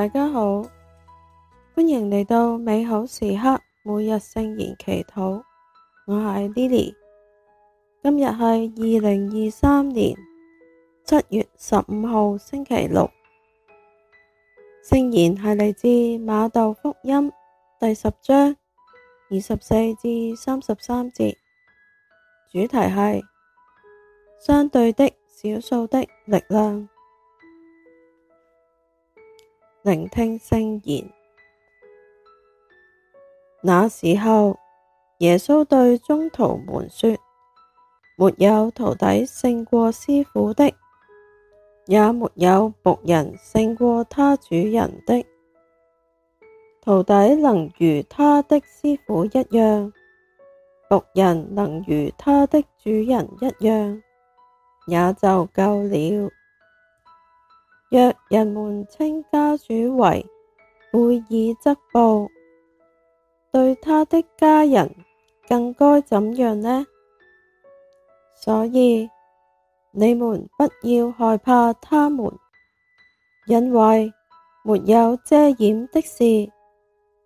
大家好，歡迎嚟到美好時刻每日聖言祈禱，我係 Lily，今日係二零二三年七月十五號星期六，聖言係嚟自馬竇福音第十章二十四至三十三節，主題係相對的少數的力量。聆聽聖言。那時候，耶穌對宗徒們說：沒有徒弟勝過師父的，也沒有僕人勝過他主人的。徒弟能如他的師父一樣，僕人能如他的主人一樣，也就夠了。若人們稱家主為貝耳則布，對他的家人更該怎樣呢？所以，你們不要害怕他們，因為沒有遮掩的事，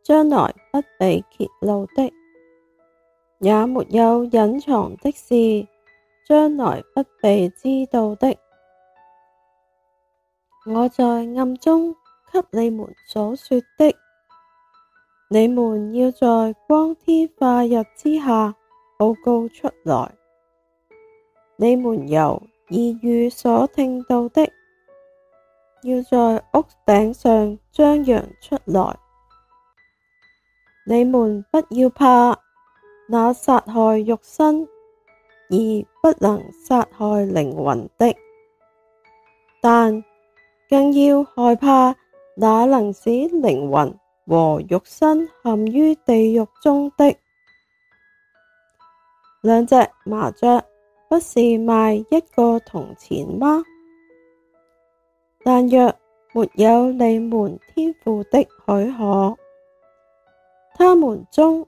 將來不被揭露的；也沒有隱藏的事，將來不被知道的。我在暗中給你們所說的，你們要在光天化日之下報告出來。你們由耳語所聽到的，要在屋頂上張揚出來。你們不要怕那殺害肉身，而不能殺害靈魂的，但。更要害怕，那能使靈魂和肉身陷於地獄中的。兩隻麻雀，不是賣一個銅錢嗎？但若沒有你們天父的許可，他們中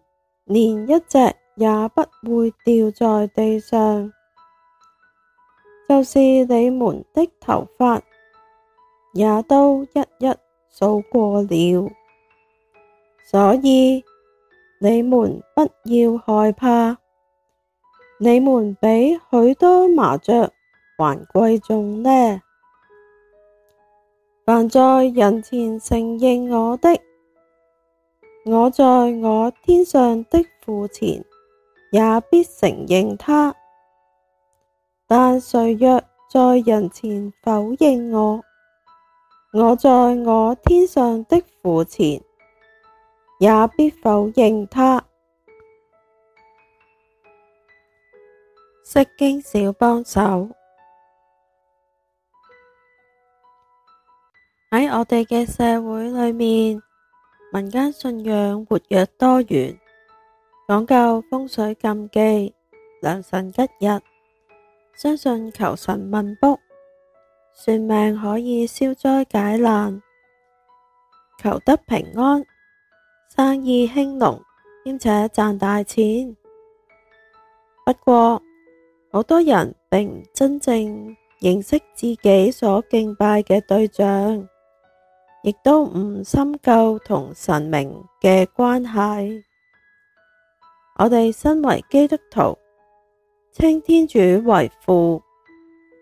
連一隻也不會掉在地上。就是你們的頭髮。也都一一數過了，所以你們不要害怕，你們比許多麻雀還貴重呢！凡在人前承認我的，我在我天上的父前也必承認他；但誰若在人前否認我，我在我天上的父前，也必否認他。釋經小幫手，喺我哋嘅社會裏面，民間信仰活躍多元，講究風水禁忌、良辰吉日，相信求神問卜，算命可以消災解難，求得平安，生意興隆，兼且賺大錢。不過，好多人並唔真正認識自己所敬拜嘅對象，亦都唔深究同神明嘅關係。我哋身為基督徒，稱天主為父。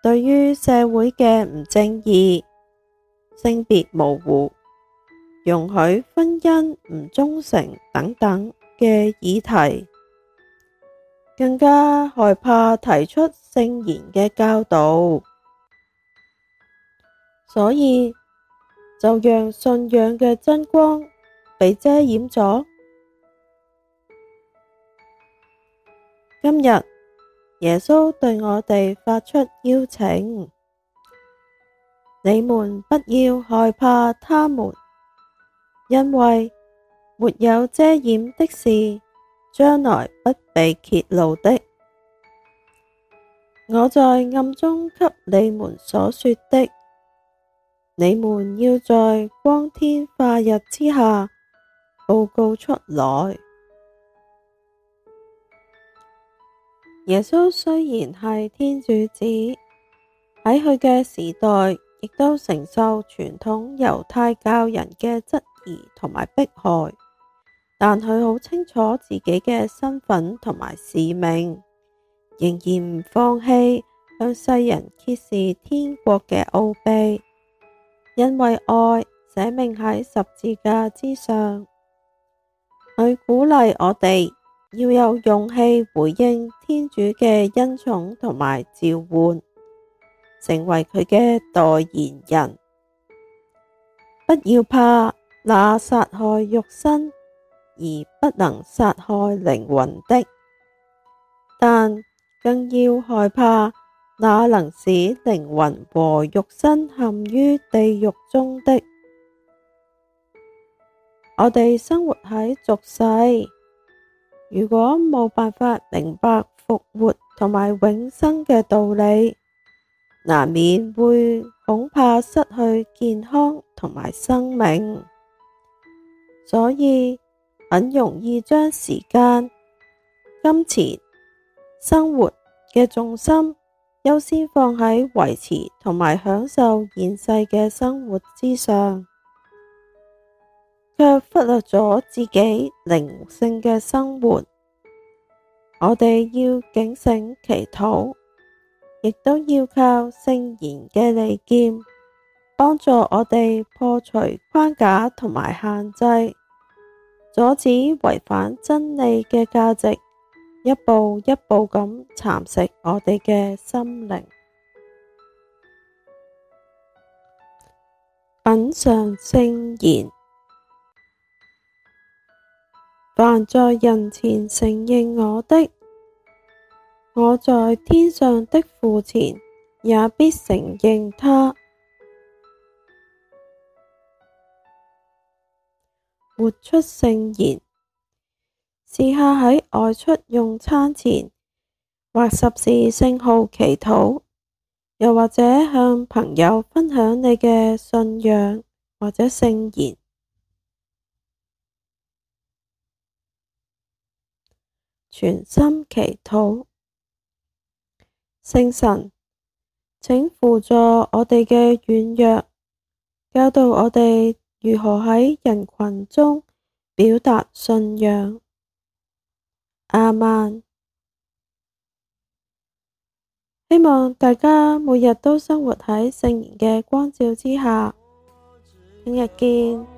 對於社會嘅唔正義、性別模糊、容許婚姻唔忠誠等等嘅議題，更加害怕提出聖言嘅教導，所以就讓信仰嘅真光被遮掩咗。今日，耶穌對我哋發出邀請，你們不要害怕他們，因為沒有遮掩的事，將來不被揭露的。我在暗中給你們所說的，你們要在光天化日之下報告出來。耶穌雖然係天主子，喺佢嘅時代亦都承受傳統猶太教人嘅質疑同埋迫害，但佢好清楚自己嘅身份同埋使命，仍然唔放棄向世人揭示天國嘅奧秘，因為愛捨命喺十字架之上，佢鼓勵我哋。要有勇氣回應天主嘅恩寵同埋召喚，成為佢嘅代言人。不要怕那殺害肉身，而不能殺害靈魂的，但更要害怕那能使靈魂和肉身陷於地獄中的。我哋生活喺俗世。如果冇辦法明白復活同埋永生嘅道理，難免會恐怕失去健康同埋生命。所以很容易將時間、金錢、生活嘅重心優先放喺維持同埋享受現世嘅生活之上。卻忽略咗自己靈性嘅生活。我哋要警醒祈禱，亦都要靠聖言嘅利劍，幫助我哋破除框架同埋限制，阻止違反真理嘅價值，一步一步咁蠶食我哋嘅心靈。品嘗聖言。凡在人前承認我的，我在天上的父前也必承認他。活出聖言，試下喺外出用餐前或十字聖號祈禱，又或者向朋友分享你嘅信仰或者聖言。全心祈禱，聖神，請扶助我哋嘅軟弱，教導我哋如何喺人群中表達信仰。阿曼，希望大家每日都生活喺聖言嘅光照之下。聽日見。